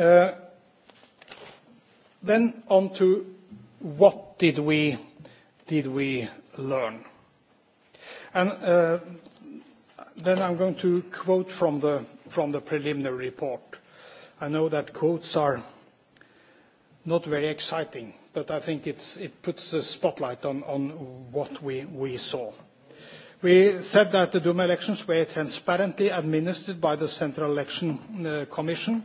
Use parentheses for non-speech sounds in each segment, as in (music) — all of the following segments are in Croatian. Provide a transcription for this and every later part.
Uh, then on to what did we learn? And uh, then I'm going to quote from the preliminary report. I know that quotes are not very exciting, but I think it puts a spotlight on, on what we, we saw. We said that the Duma elections were transparently administered by the Central Election uh, Commission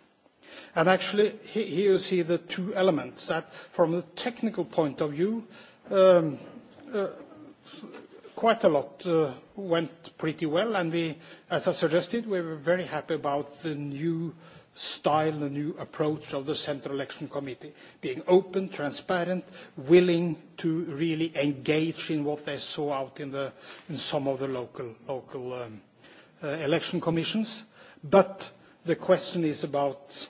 And actually, here you see the two elements that from the technical point of view, um, uh, quite a lot uh, went pretty well, and we, as I suggested, we were very happy about the new style, the new approach of the Central Election Committee, being open, transparent, willing to really engage in what they saw out in, the, in some of the local, um, uh, election commissions. But the question is about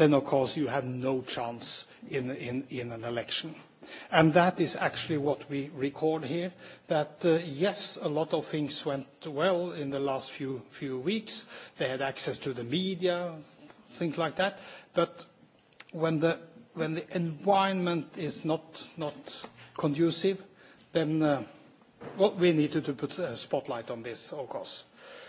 then of course you have no chance in, an election. And that is actually what we record here, that uh, yes, a lot of things went well in the last few, few weeks. They had access to the media, things like that. But when the, environment is not, conducive, then uh, we needed to put a spotlight on this, of course.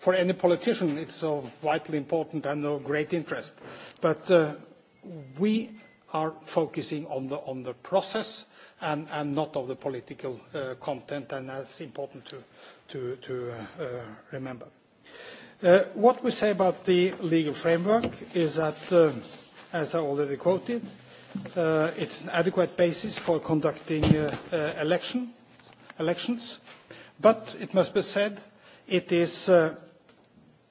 for any politician it's of vitally important and of great interest. But uh, we are focusing on the, on the process and, not on the political uh, content, and that's important to, uh, remember. What we say about the legal framework is that, as I already quoted, it's an adequate basis for conducting election, elections, but it must be said, it is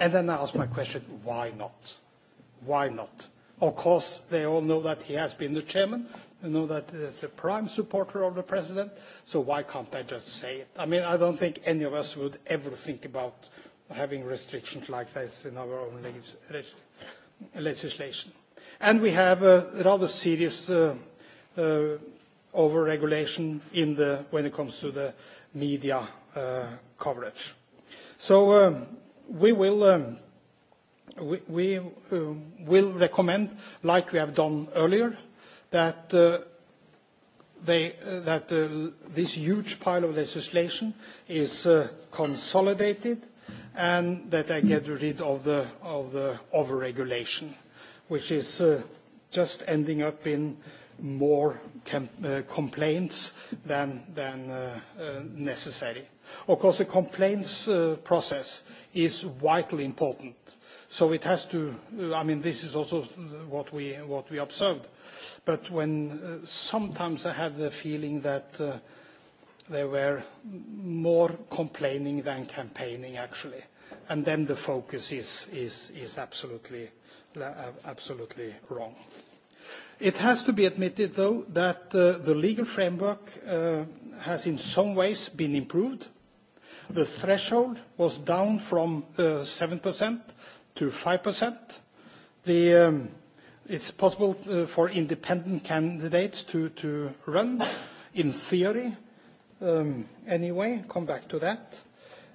And then I ask my question, why not? Why not? Of course, they all know that he has been the chairman. They know that he's a prime supporter of the president. So why can't I just say it? I mean, I don't think any of us would ever think about having restrictions like this in our own legislation. And we have a rather serious uh, uh, overregulation when it comes to the media uh, coverage. So um, we will um, we, we uh, will recommend, like we have done earlier, that uh, uh that uh, this huge pile of legislation is uh, consolidated and that I get rid of the of the overregulation, which is just ending up in more complaints than than necessary. Of course, the complaints uh, process is vitally important. So it has to, uh, I mean, this is also uh, what we, what we observed. But when sometimes I had the feeling that they there were more complaining than campaigning, actually. And then the focus is, is, absolutely, absolutely wrong. It has to be admitted, though, that the legal framework has in some ways been improved the threshold was down from 7% uh, to 5%. The, um, it's possible uh, for independent candidates to, run, in theory, um, anyway. Come back to that.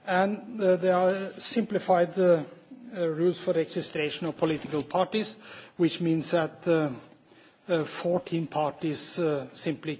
And uh, they there are simplified the rules for registration of political parties, which means that 14 parties simply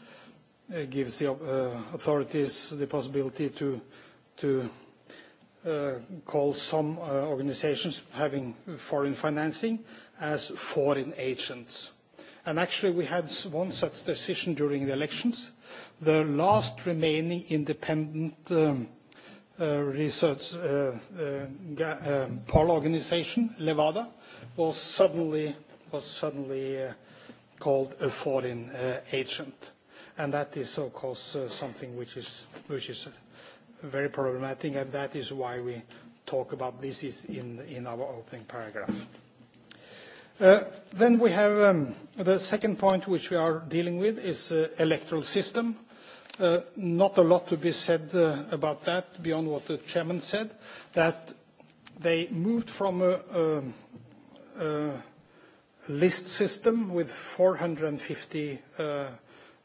Uh, gives the uh, authorities the possibility to, uh, call some uh, organizations having foreign financing as foreign agents. And actually we had one such decision during the elections. The last remaining independent um, research um, poll organization, Levada, was suddenly, was suddenly called a foreign agent and that is of course uh, something which is uh, very problematic and that is why we talk about this in our opening paragraph uh, then we have um, the second point which we are dealing with is electoral system not a lot to be said about that beyond what the chairman said that they moved from a, list system with 450 uh,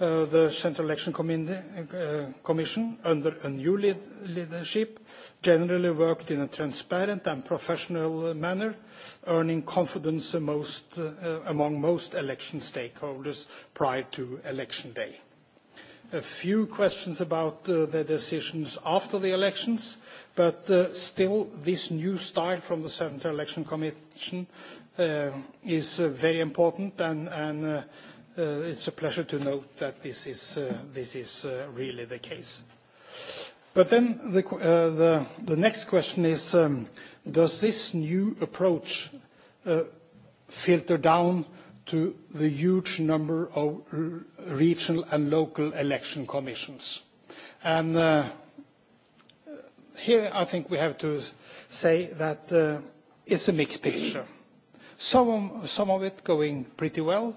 Uh, the Central Election uh, Commission, under a new leadership, generally worked in a transparent and professional manner, earning confidence uh, among most election stakeholders prior to election day. A few questions about the decisions after the elections, but still this new style from the Central Election Commission is very important and Uh, it's a pleasure to note that this is, uh, uh, really the case. But then the, next question is, um, does this new approach filter down to the huge number of regional and local election commissions? And here I think we have to say that it's a mixed picture. Some some of it going pretty well,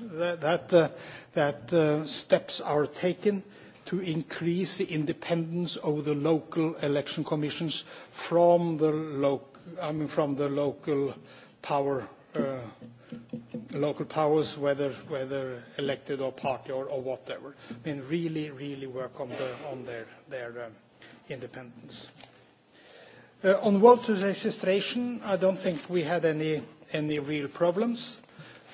that, that uh, uh, steps are taken to increase the independence of the local election commissions from the local I mean, from the local power uh, local powers whether whether elected or party or, or whatever i mean really really work on their their um, independence on voter registration i don't think we had any any real problems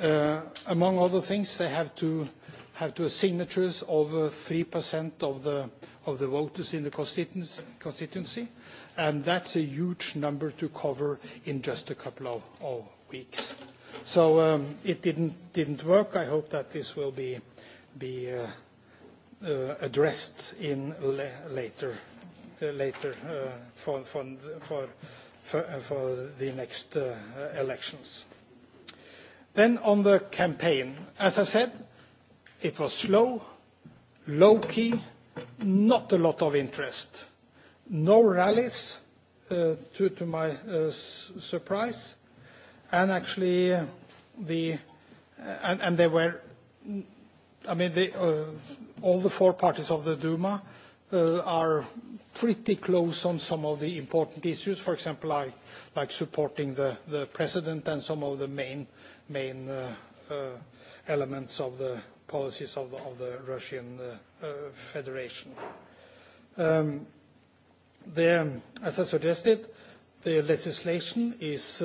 Uh, among other things, they have to have to signatures of 3% uh, of the of the voters in the constituency, and that's a huge number to cover in just a couple of, weeks. So um, it didn't didn't work. I hope that this will be uh, addressed in later later for for for the next elections. Then on the campaign, as I said, it was slow, low-key, not a lot of interest. No rallies, uh, to, my uh, surprise, and actually uh, the... And, and they were, I mean, they, all the four parties of the Duma are pretty close on some of the important issues. For example, I, like supporting the president and some of the main main uh, uh, elements of the policies of the, Russian uh, Federation. Um, as I suggested, the legislation is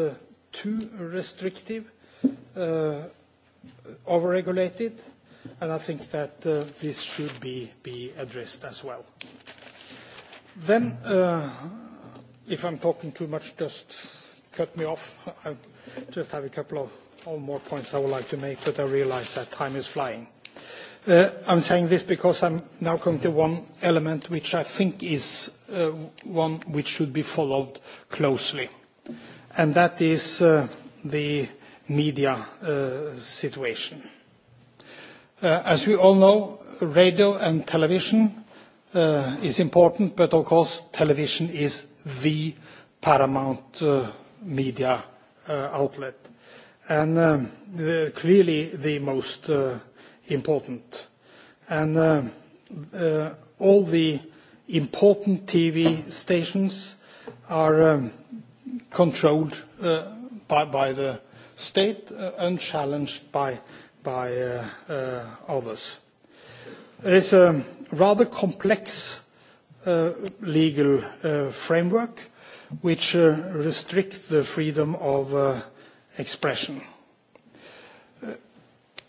too restrictive, overregulated, and I think that this should be, addressed as well. Then, if I'm talking too much, just cut me off. (laughs) I just have a couple of or more points I would like to make, but I realize that time is flying. Uh, I'm saying this because I'm now coming to one element which I think is uh, one which should be followed closely, and that is uh, the media situation. As we all know, radio and television is important, but of course, television is the paramount media outlet and um, clearly the most uh, important. And um, uh, all the important TV stations are um, controlled uh, by, the state, unchallenged by, by others. There is a rather complex legal framework which restricts the freedom of expression. Uh,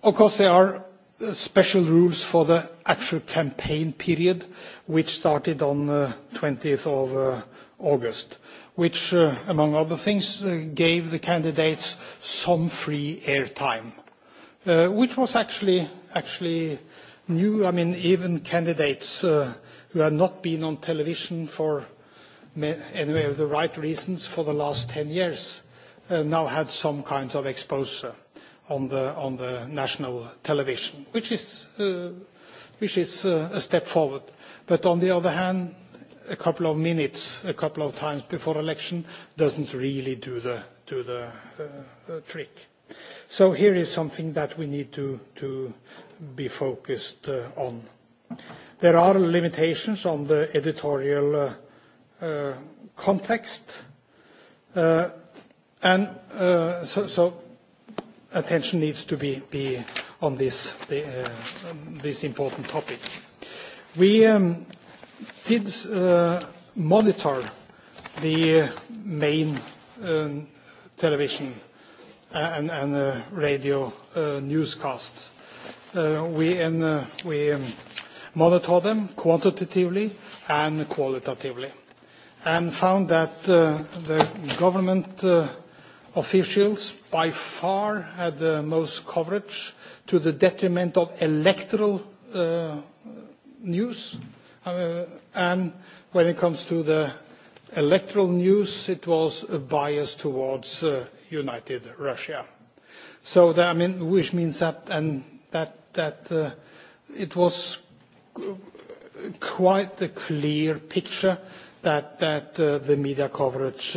of course, there are uh, special rules for the actual campaign period, which started on uh, the 20th of August, which, among other things, gave the candidates some free airtime, which was actually actually new. I mean, even candidates who had not been on television for any of the right reasons for the last 10 years Uh, now had some kinds of exposure on the, on the national television, which is, uh, which is uh, a step forward. But on the other hand, a couple of minutes, a couple of times before election doesn't really do the, do the trick. So here is something that we need to, to be focused on. There are limitations on the editorial context. And uh, so, attention needs to be, be on this, uh, this important topic. We um, did uh, monitor the main um, television and, and radio newscasts. we we um, monitor them quantitatively and qualitatively and found that the government officials by far had the most coverage to the detriment of electoral uh, news. Uh, and when it comes to the electoral news, it was a bias towards uh, United Russia. So, that, I mean, which means that, and that, that it was quite a clear picture that, that the media coverage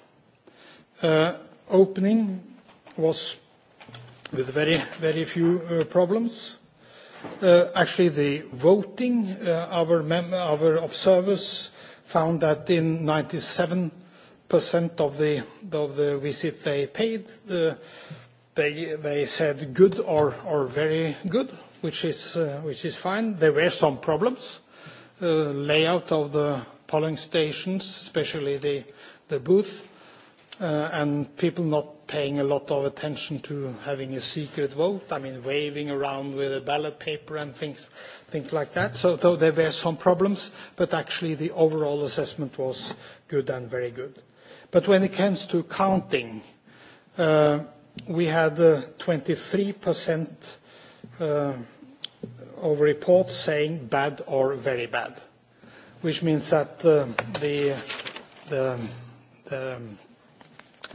The uh, opening was with very, very few uh, problems. Uh, actually, the voting, our, our observers found that in 97% of the, of the visit they paid, they, said good or, or very good, which is, which is fine. There were some problems. Layout of the polling stations, especially the, the booth, Uh, and people not paying a lot of attention to having a secret vote, I mean, waving around with a ballot paper and things, things like that. So though there were some problems, but actually the overall assessment was good and very good. But when it comes to counting, uh, we had 23% uh, uh, of reports saying bad or very bad, which means that the, the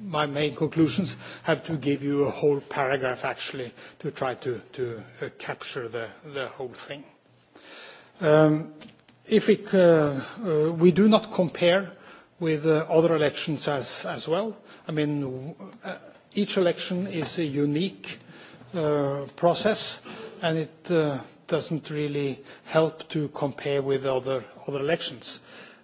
my main conclusions have to give you a whole paragraph actually to try to, to uh, capture the, the whole thing. Um, if it, uh, uh, we do not compare with uh, other elections as, as well. I mean, uh, each election is a unique uh, process, and it doesn't really help to compare with other, other elections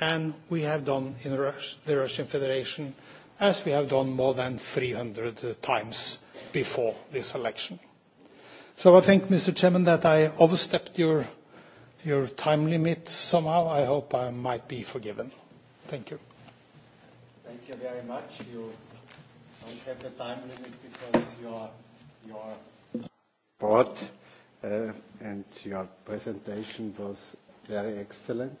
and we have done in the Russian Federation as we have done more than 300 uh, times before this election. So I think, Mr. Chairman, that I overstepped your, your time limit somehow. I hope I might be forgiven. Thank you. Thank you very much. You don't have the time limit because your, your report uh, and your presentation was very excellent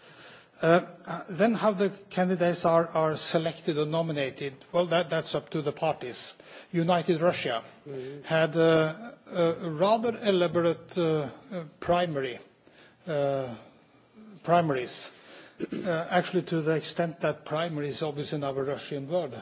Uh, uh, then how the candidates are, are selected or nominated, well, that, that's up to the parties. United Russia mm-hmm. had uh, a, rather elaborate primary, primaries, actually to the extent that primaries obviously in our Russian word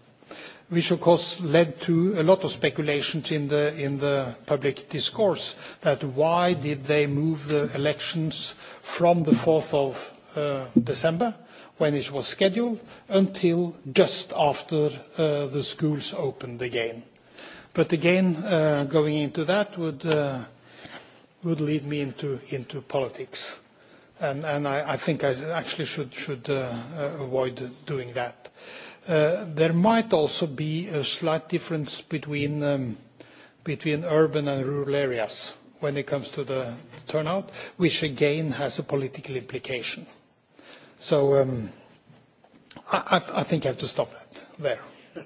which of course led to a lot of speculations in the in the public discourse that why did they move the elections from the 4th of uh, December when it was scheduled until just after uh, the schools opened again but again uh, going into that would would lead me into into politics and and I I think I actually should should avoid doing that Uh, there might also be a slight difference um, between urban and rural areas when it comes to the turnout, which again has a political implication. So um, I, think I have to stop there. (laughs)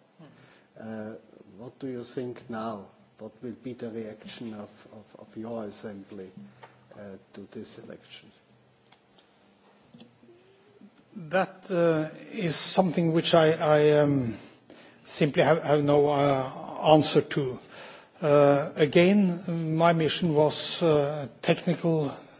Uh, what do you think now? What will be the reaction of, your assembly uh, to this election? That uh, is something which I, I um, simply have no answer to. Again, my mission was technical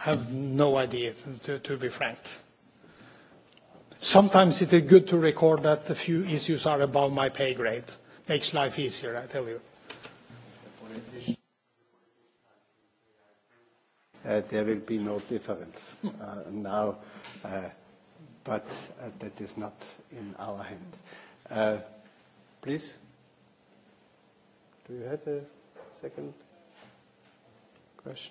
i have no idea, to, to be frank. Sometimes it is good to record that a few issues are above my pay grade. Makes life easier, I tell you. Uh, there will be no difference uh, now, uh, but uh, that is not in our hand. Please. Do you have a second question?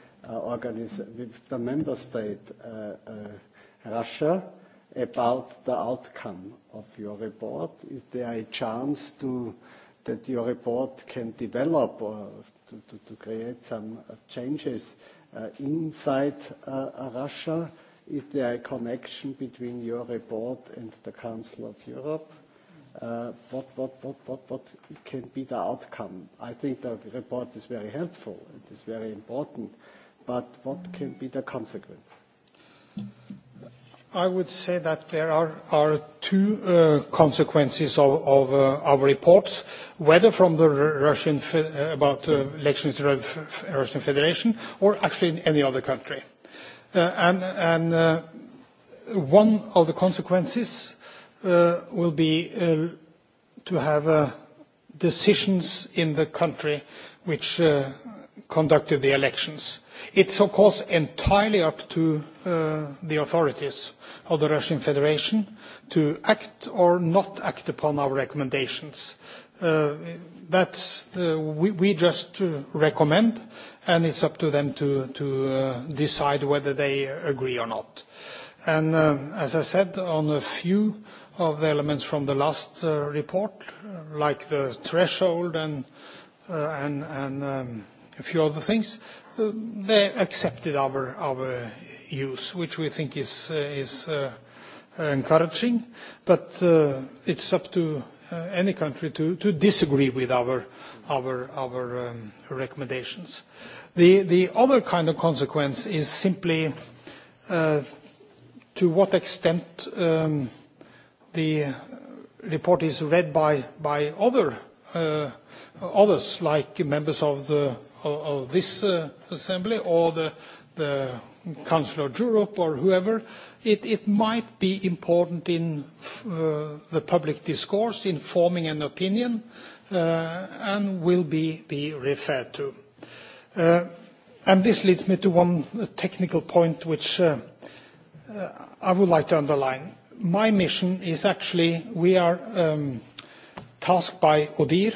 Uh, with the member state uh, uh, Russia about the outcome of your report? Is there a chance to that your report can develop or to, create some changes inside Russia? Is there a connection between your report and the Council of Europe? what, what, what, what, what can be the outcome? I think the report is very helpful. It is very important but what can be the consequence? I would say that there are, two uh, consequences of, uh, our reports, whether from the Russian uh, about elections in the Russian Federation or actually in any other country. And, and one of the consequences will be to have decisions in the country which conducted the elections. It's of course entirely up to uh, the authorities of the Russian Federation to act or not act upon our recommendations. Uh, we, just recommend and it's up to them to, to uh, decide whether they agree or not. And as I said, on a few of the elements from the last report, like the threshold and, and, um, few other things. Uh, they accepted our, our use, which we think is, uh, is uh, encouraging, but it's up to any country to, to disagree with our, our, um, recommendations. The, the other kind of consequence is simply to what extent um, the report is read by, by other, others, like members of the of this uh, assembly or the, the Council of Europe or whoever, it, it might be important in uh, the public discourse, in forming an opinion, uh, and will be, referred to. and this leads me to one technical point which I would like to underline. My mission is actually, we are um, tasked by ODIHR,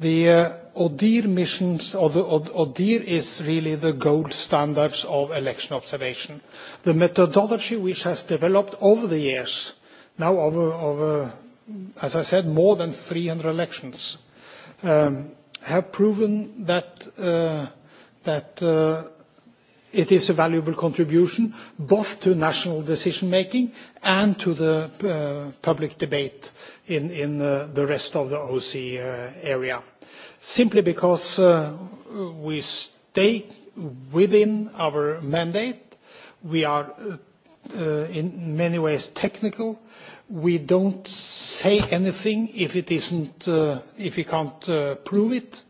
The uh, missions, or the ODIHR is really the gold standards of election observation. The methodology which has developed over the years, now over, as I said, more than 300 elections, um, have proven that, uh, that uh, it is a valuable contribution both to national decision making and to the uh, public debate in, uh, the rest of the OC uh, area simply because we stay within our mandate we are in many ways technical we don't say anything if it isn't if we can't prove it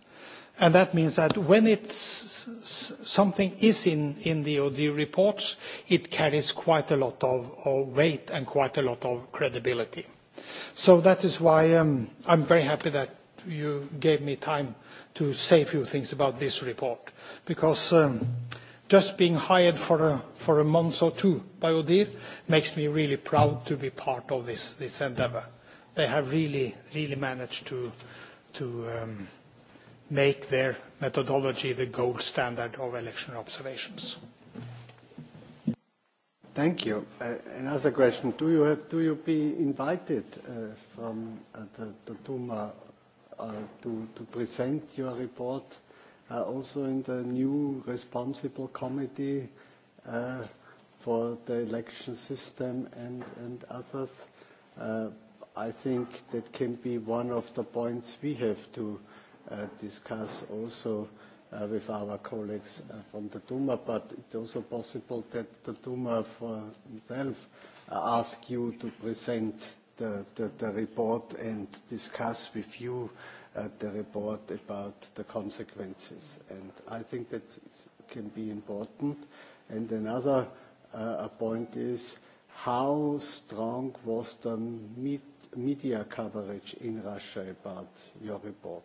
and that means that when something is in in the OD reports, it carries quite a lot of, weight and quite a lot of credibility. So that is why um, I'm very happy that you gave me time to say a few things about this report, because um, just being hired for a, for a month or two by ODIR makes me really proud to be part of this, this endeavor. They have really, really managed to, to um, make their methodology the gold standard of election observations. Thank you. Uh, another question. Do you, have, do you be invited uh, from uh, the, the Duma uh, to, to present your report uh, also in the new responsible committee uh, for the election system and, and others? Uh, I think that can be one of the points we have to uh, Uh, discuss also uh, with our colleagues uh, from the Duma, but it's also possible that the Duma for himself ask you to present the, the, report and discuss with you the report about the consequences. And I think that can be important. And another point is how strong was the media coverage in Russia about your report?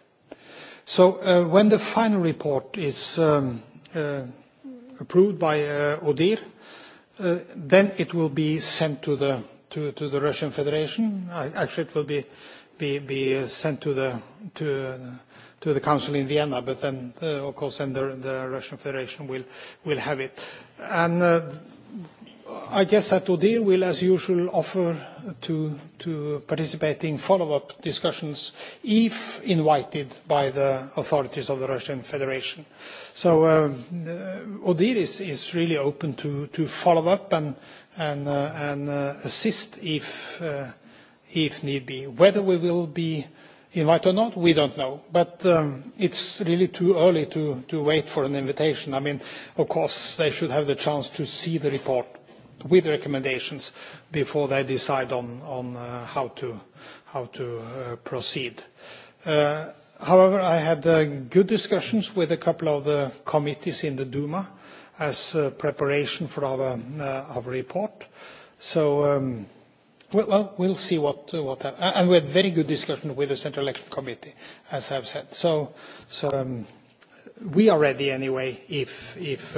So uh, when the final report is um, uh, approved by uh, ODIHR, uh, then it will be sent to the, to, to the Russian Federation. Actually, it will be, be, uh, sent to the, to, to the Council in Vienna, but then, of course, then the, the Russian Federation will, will have it. And i guess that Odile will, as usual, offer to, to participate in follow-up discussions if invited by the authorities of the Russian Federation. So um, uh, is, really open to, to follow up and, and, uh, and uh, assist if, if need be. Whether we will be invited or not, we don't know. But um, it's really too early to, to wait for an invitation. I mean, of course, they should have the chance to see the report with recommendations before they decide on, on uh, how to, how to uh, proceed. Uh, however, I had good discussions with a couple of the committees in the Duma as preparation for our, report. So, um, well, we'll see what happens. And we had very good discussion with the Central Election Committee, as I've said. So, um, we are ready anyway if, if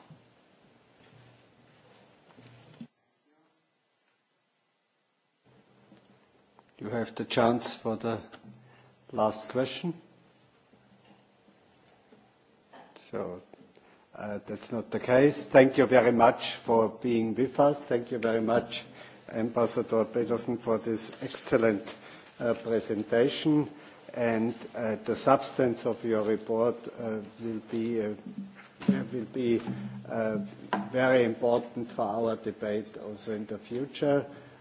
You have the chance for the last question. So uh, that's not the case. Thank you very much for being with us. Thank you very much, Ambassador Pedersen, for this excellent uh, presentation. And uh, the substance of your report will be very important for our debate also in the future